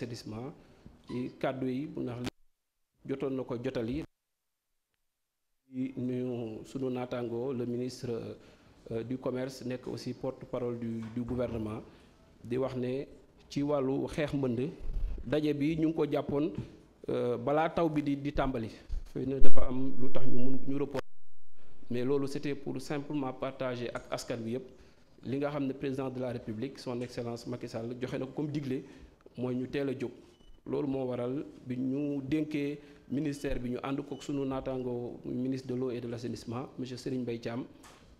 assainissement ci kàddu yi ndax jotoon na ko jotali ñu sunu naataango le ministre euh, du commerce nekk aussi porte-parole du du di wax ne ci wàllu xeex mbënd daje bi ñu ngi ko jàppoon euh, balaa taw bi di di tàmbali xëy na dafa am lu tax ñu mun ñu report mais loolu c'était pour simplement partager ak askan bi yépp li nga xam ne président de la république son excellence Macky Sall joxe na ko comme digle mooy ñu teel a jóg loolu moo waral bi ñu dénkee ministère bi ñu ànd kook sunu naataango ministre de l'eau et de l'assainissement monsieur seriñ bay Thiam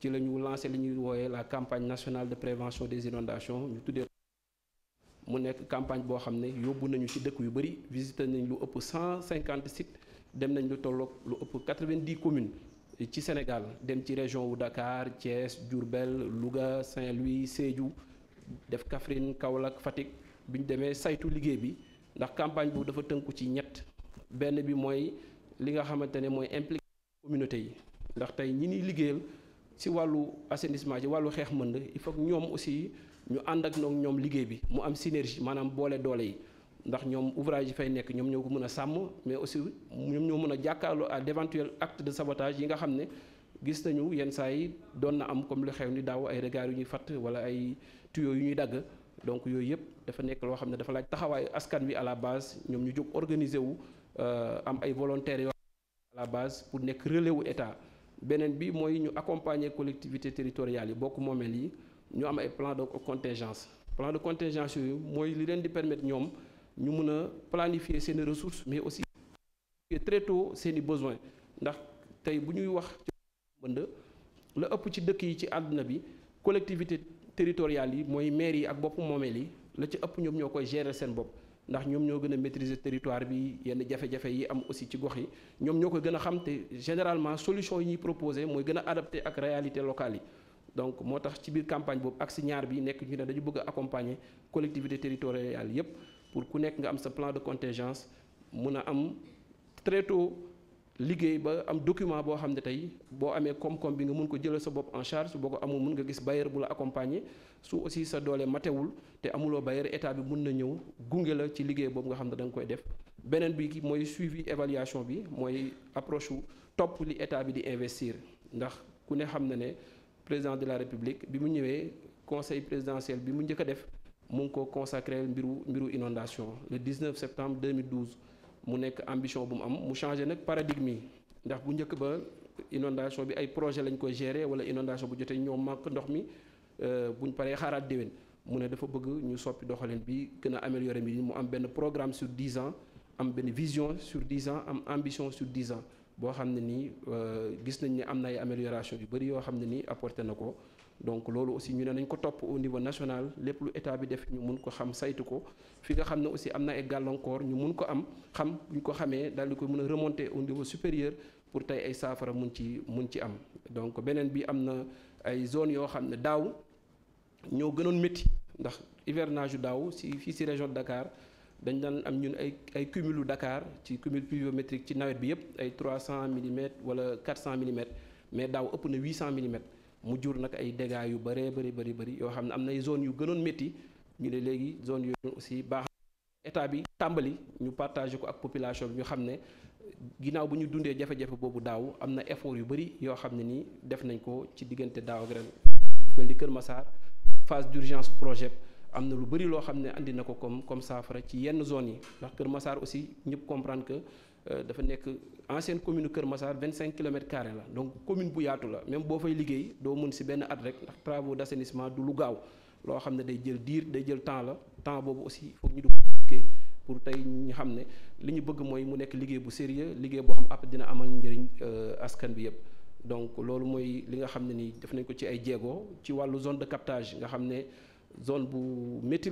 ci la ñu lancé li ñuy wooyee la campagne nationale de prévention des inondations ñu tuddee mu nekk campagne boo xam ne yóbbu nañu ci dëkk yu bëri visité nañ lu ëpp cent cinquante sites dem nañ lu tolloog lu ëpp 90 commune ci Sénégal dem ci région wu Dakar Thiès Diourbel Louga Saint-Louis Sédhiou def Kaffrine Kaolack Fatick bi ñu demee saytu liggéey bi ndax campagne boobu dafa tënku ci ñett benn bi mooy li nga xamante ne mooy impliqué communauté yi ndax tey ñi ñuy liggéeyal ci wàllu assainissement ci wàllu xeex mën na il faut ñoom aussi ñu ànd ak noog ñoom liggéey bi mu am synergie maanaam boole doole yi ndax ñoom ouvrage yi fay nekk ñoom ñoo ko mën a sàmm mais aussi ñoom ñoo mën a jàkkaarloo à d'éventuels actes de sabotage yi nga xam ne gis nañu yenn saa yi doon na am comme lu xew ni daaw ay regards yu ñuy fatt wala ay tuyaux yu ñuy dagg donc yooyu yëpp dafa nekk loo xam ne dafa laaj taxawaayu askan wi à la base ñoom ñu jóg organiser wu euh, am ay volontaires yoo à la base pour nekk relais wu état beneen bi mooy ñu accompagner collectivités territoriale yi bokk moomeel yi ñu am ay plan de contingence plan de contingence yooyu mooy li leen di permettre ñoom ñu mën a planifier seeni ressources mais aussi très tôt seeni besoins ndax tey bu ñuy wax ci mbënd la ëpp ci dëkk yi ci àdduna bi collectivité territoriales yi mooy maire yi ak bopp moomeel yi la ci ëpp ñoom ñoo koy gérer seen bopp ndax ñoom ñoo gën a maîtriser territoire bi yenn jafe-jafe yi am aussi ci gox yi ñoom ñoo koy gën a xam te généralement solution yi ñuy proposé mooy gën a adapté ak réalité locale yi donc moo tax ci biir campagne boobu ak si ñaar bi nekk ñu ne dañu bëgg a accompagner collectivité territoriale yëpp pour ku nekk nga am sa plan de contingence mun a am très liggéey ba am document boo xam ne tey boo amee koom-koom bi nga mun ko jëlal sa bopp en charge boo ko amul mun nga gis bailleur bu la accompagner su aussi sa doole matewul te amuloo bailleur état bi mun na ñëw gunge la ci liggéey boobu nga xam ne danga koy def beneen bi mooy suivi évaluation bi mooy approche wu topp li état bi di investir ndax ku ne xam na ne président de la république bi mu ñëwee conseil présidentiel bi mu njëkk def mun ngi ko consacré mbiru mbiru inondation le 19 septembre 2012 mu nekk ambition bu mu am mu changé nag paradigme yi ndax bu njëkk ba inondation bi ay projet lañ koy gérer wala inondation bu jotee ñoo mànk ndox mi euh, buñ paree xaaraat déwén mu ne dafa bëgg ñu soppi doxalin bi gën a améliorer mi mu am benn programme sur dix ans am benn vision sur dix ans am ambition sur dix ans boo xam ne nii euh, gis nañ ne am na ay amélioration yu bëri yoo xam ne nii apporté na ko donc loolu aussi ñu ne nañ ko topp au niveau national lépp lu état bi def ñu mun ko xam saytu ko fi nga xam ne aussi am na ay gàllankoor ñu mun ko am xam buñ ko xamee daal di ko mën a remonter au niveau supérieur pour tey ay saafara mun ci mun ci am donc beneen bi am na ay zone yoo xam ne daaw ñoo gënoon métti ndax hivernage yu daaw si fii si région de Dakar dañ daan am ñun ay ay cumulu dakaar ci cumul pluviométrique ci nawet bi yëpp ay 300 millimètres wala 400 millimètres mais daaw ëpp na 800 millimètres mu jur nag ay dégâts yu bëree bëri bëri bëri yoo xam ne am nay zone yu gënoon métti ñu ne léegi zone yooyu aussi baax état bi tàmbali ñu partagé ko ak population bi ñu xam ne ginnaaw bu ñu dundee jafe-jafe boobu daaw am na effort yu bëri yoo xam ne nii def nañ ko ci diggante daaw ak ren mel ni Kër Massar phase d'urgence projet am na lu bëri loo xam ne andi na ko comme comme saafara ci yenn zone yi ndax Kër masaar aussi ñëpp comprendre que Euh, dafa nekk ancienne commune Kër Massar cinq kilomètres carrés la donc commune bu yaatu la même boo fay liggéey doo mën si benn at rek ndax travaux d' du lu gaaw loo xam ne day jël diir day jël temps la temps boobu aussi foog ñu di ko pour tey ñu xam ne li ñu bëgg mooy mu nekk liggéey bu sérieux liggéey boo xam après dina amal njëriñ euh, askan bi yëpp. donc loolu mooy li nga xam ne nii def nañ ko ci ay jéego ci wàllu zone de captage nga xam ne zone bu métti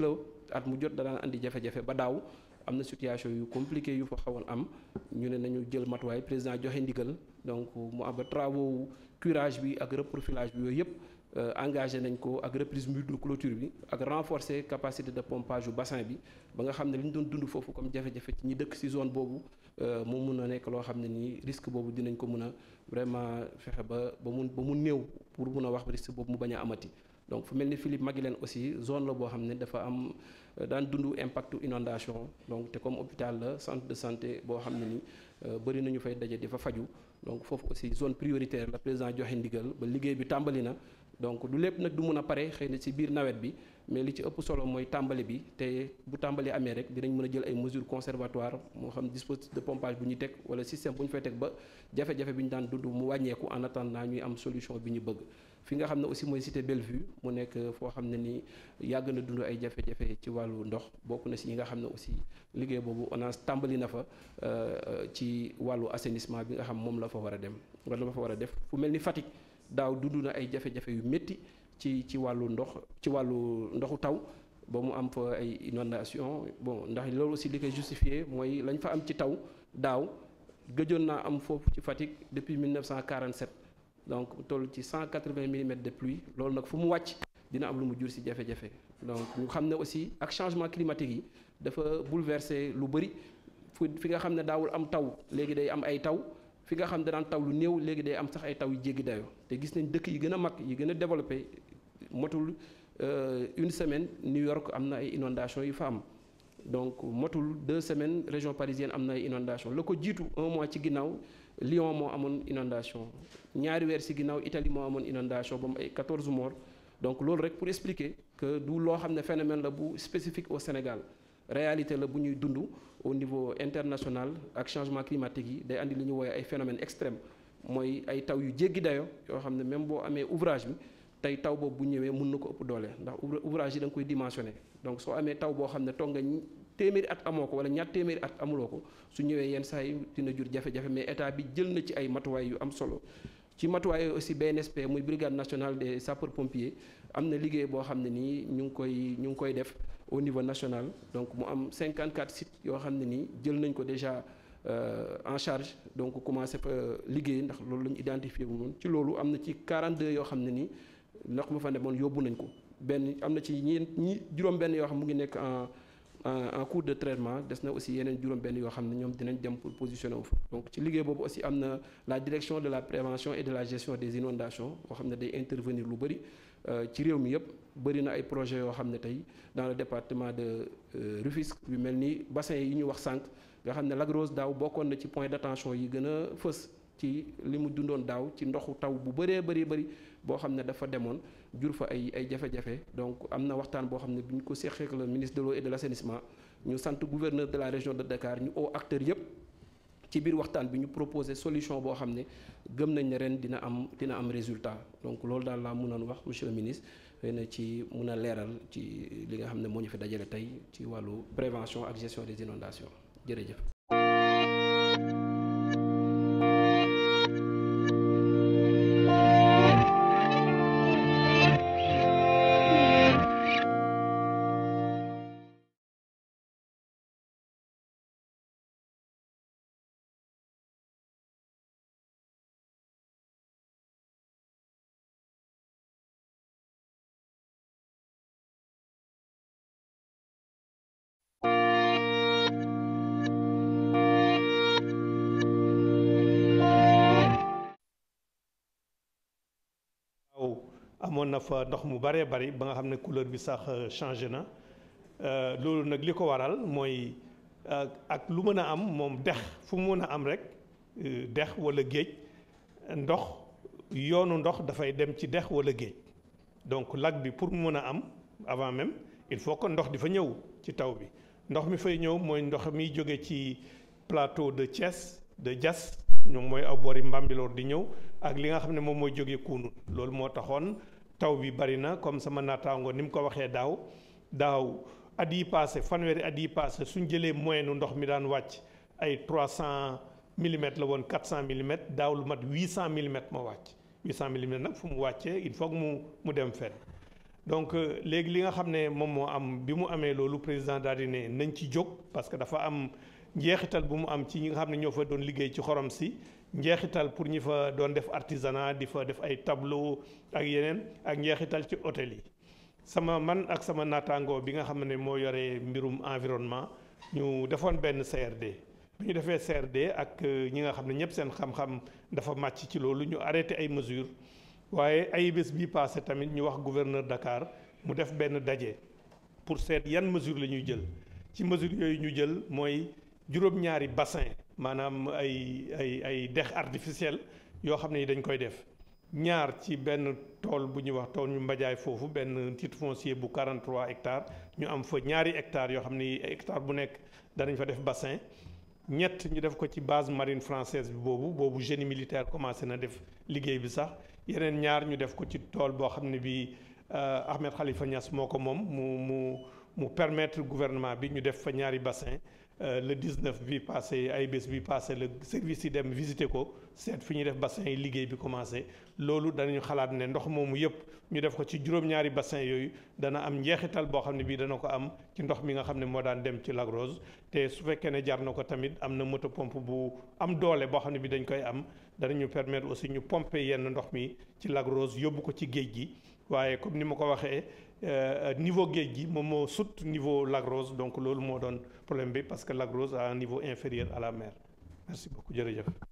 at mu jot danaan indi jafe-jafe ba daaw am na situation yu compliqué yu fa xawoon am ñu ne nañu jël matuwaay président joxe ndigal donc mu am ba travaux curage bi ak reprofilage bi yooyu yëpp euh, engagé nañ ko ak reprise mur du cloture bi ak renforcer capacité de pompage yu bassin bi ba nga xam ne li ñu doon dund foofu comme jafe-jafe ci ñi dëkk ci zone boobu euh, moom mun a nekk loo xam ne nii risque boobu dinañ ko mun a vraiment fexe ba ba mu ba mu néew pour mun a wax risque boobu mu bañ a amati donc fu mel ni Philippe leen aussi zone la boo xam ne dafa am euh, daan dund impact inondation donc te comme hôpital la centre de santé boo xam ne ni euh, bëri nañu fay daje di fa faju donc foofu aussi zone prioritaire la président joxe ndigal ba liggéey bi tàmbali na donc du lépp nag du mun a pare xëy na ci biir nawet bi mais li ci ëpp solo mooy tàmbali bi te bu tàmbali amee rek dinañ mën a jël ay mesures conservatoires moo xam dispositif de pompage bu ñu teg wala système bu ñu fay ba jafe bi ñu daan dund mu wàññeeku en attendant ñuy am solution bi ñu bëgg fi nga xam ne aussi mooy cité Bellevue mu nekk foo xam ne ni yàgg na dund ay jafe-jafe ci wàllu ndox bokk na si yi nga xam ne aussi liggéey boobu ONAS tàmbali na fa euh, ci wàllu assainissement bi nga xam moom la fa war a dem wala la fa war a def fu mel ni Fatick daaw dund na ay jafe-jafe yu métti ci ci wàllu ndox ci wàllu ndoxu taw ba mu am fa ay inondation bon ndax loolu aussi li koy justifié mooy lañ fa am ci taw daaw gëjoon naa am foofu ci Fatick depuis 1947. donc toll ci cent quatre-vingts millimètres de pluie loolu nag fu mu wàcc dina am lu mu jur si jafe-jafe donc ñu xam ne aussi ak changement climatique yi dafa bouleversé lu bëri fu fi nga xam ne daawul am taw léegi day am ay taw fi nga xam ne daan taw lu néew léegi day am sax ay taw yu jéggi dayoo te gis nañ dëkk yi gën a mag yi gën a développé motul euh, une semaine New York am na ay inondations yu fa am. donc matul deux semaines région parisienne am na inondation la ko jiitu un mois ci ginnaaw Lyon moo amoon inondation ñaari weer si ginnaaw Italie moo amoon inondation ba mu ay 14 morts donc loolu rek pour expliquer que du loo xam ne phénomène la bu spécifique au Sénégal réalité la bu ñuy dund au niveau international ak changement climatique yi day indi li ñu woowee ay phénomènes extrêmes mooy ay taw yu jéggi dayo yoo xam ne même boo amee ouvrage bi tey taw boobu bu ñëwee mun na ko ëpp doole ndax ouvrage yi da nga koy dimensionné donc soo amee taw boo xam ne toog nga téeméeri at amoo ko wala ñaar téeméeri at amuloo ko su ñëwee yenn saa yi dina jur jafe-jafe mais état bi jël na ci ay matuwaay yu am solo ci matuwaay yooyu aussi BNSP muy brigade nationale des sapeurs pompiers am na liggéey boo xam ne nii ñu ngi koy ñu ngi koy def au niveau national donc mu am 54 sites yoo xam ne nii jël nañ ko déjà euh, en charge donc commencé fa euh, liggéey ndax loolu la ñu identifié bu moom ci loolu am na ci 42 yoo xam ne nii. ndox mu fa demoon yóbbu nañ ko benn am na ci ñi ñi juróom-benn yoo xam mu ngi nekk en en cours de traitement des na aussi yeneen juróom-benn yoo xam ne ñoom dinañ dem pour positionner wu fa donc ci liggéey boobu aussi am na la direction de la prévention et de la gestion des inondations boo xam ne day intervenir lu bëri euh, ci réew mi yëpp bari na ay projets yoo xam ne tey dans le département de euh, Rufisque yu mel ni bassin yi ñu wax sànq nga xam ne Lac Rose daaw bokkoon na ci point d'attention yi gën a fës ci li mu dundoon daaw ci ndoxu taw bu bëree bëri bëri boo xam ne dafa demoon jur fa ay ay jafe-jafe donc am na waxtaan boo xam ne bu ñu ko seqee ak le ministre de l'eau et de l'assainissement ñu sant gouverneur de la région de Dakar ñu oo acteurs yëpp ci biir waxtaan bi ñu proposé solution boo xam ne gëm nañ ne ren dina am dina am résultat donc loolu daal laa mënoon wax monsieur le ministre xëy na ci mun a leeral ci li nga xam ne moo ñu fi dajale tey ci wàllu prévention ak gestion des inondations jërëjëf. amoon na fa ndox mu bëree bari ba nga xam ne couleur bi sax euh, changé na euh, loolu nag li ko waral mooy euh, ak lu mën a am moom dex fu mu mën a am rek dex wala géej ndox yoonu ndox dafay dem ci dex walla géej donc lag bi pour mu mën a am avant même il faut que ndox di fa ñëw ci taw bi ndox mi fay ñëw mooy ndox mi jóge ci plateau de Thiès de jas ñoom mooy aw boori Mbambilor di ñëw ak li nga xam ne moom mooy jóge Kounoune loolu moo taxoon taw bi bari na comme sama naataango ni mu ko waxee daaw daaw at yi passé fanweeri at yi passé suñ jëlee moyenne ndox mi daan wàcc ay 300 millimètres la woon 400 millimètres daaw lu mat 800 millimètres moo wàcc 800 millimètres nag fu mu wàccee il faut mu mu dem fet donc euh, léegi li nga xam ne moom moo am bi mu amee loolu président daal ne nañ ci jóg parce que dafa am. njeexital bu mu am ci ñi nga xam ne ñoo fa doon liggéey ci xorom si njeexital pour ñi fa doon def artisanat di fa def ay tableau ak yeneen ak njeexital ci hôtel yi. sama man ak sama naataangoo bi nga xam ne moo yore mbirum environnement ñu defoon benn CRD bu ñu defee CRD ak euh, ñi nga xam ne ñëpp seen xam-xam dafa màcc ci loolu ñu arrêté ay mesures waaye ay bés bii passé tamit ñu wax gouverneur Dakar mu def benn daje pour seet yan mesures la ñuy jël ci mesures yooyu ñu jël mooy. juróom-ñaari bassin maanaam ay ay ay dex artificiel yoo xam ne yi dañ koy def ñaar ci benn tool bu ñuy wax tool ñu mbajaay foofu benn titre foncier bu 43 hectares ñu am fa ñaari hectares yoo xam ne hectare bu nekk danañ fa def bassin ñett ñu def ko ci base marine francaise bi boobu boobu génie militaire commencé na def liggéey bi sax yeneen ñaar ñu def ko ci tool boo xam ne bi euh, Ahmed xalifa Niass moo ko moom mu mu mu permettre gouvernement bi ñu def fa ñaari bassin Euh, le 19 bi passé ay bés bi passé le service yi dem visité ko seet fi ñuy def bassin yi liggéey bi commencé loolu danañu xalaat ne ndox moomu yëpp ñu def ko ci juróom-ñaari bassin yooyu dana am njeexital boo xam ne bii dana ko am ci ndox mi nga xam ne moo daan dem ci Lac Rose te su fekkee ne jar na ko tamit am na moto pompe bu am doole boo xam ne bi dañ koy am danañu permettre aussi ñu pomper yenn ndox mi ci Lac Rose yóbbu ko ci géej gi waaye comme ni ma ko waxee euh, niveau géej gi moom moo sut niveau Lac Rose donc loolu moo doon problème bi parce que Lac Rose a un niveau inférieur à la mer merci beaucoup jërëjëf.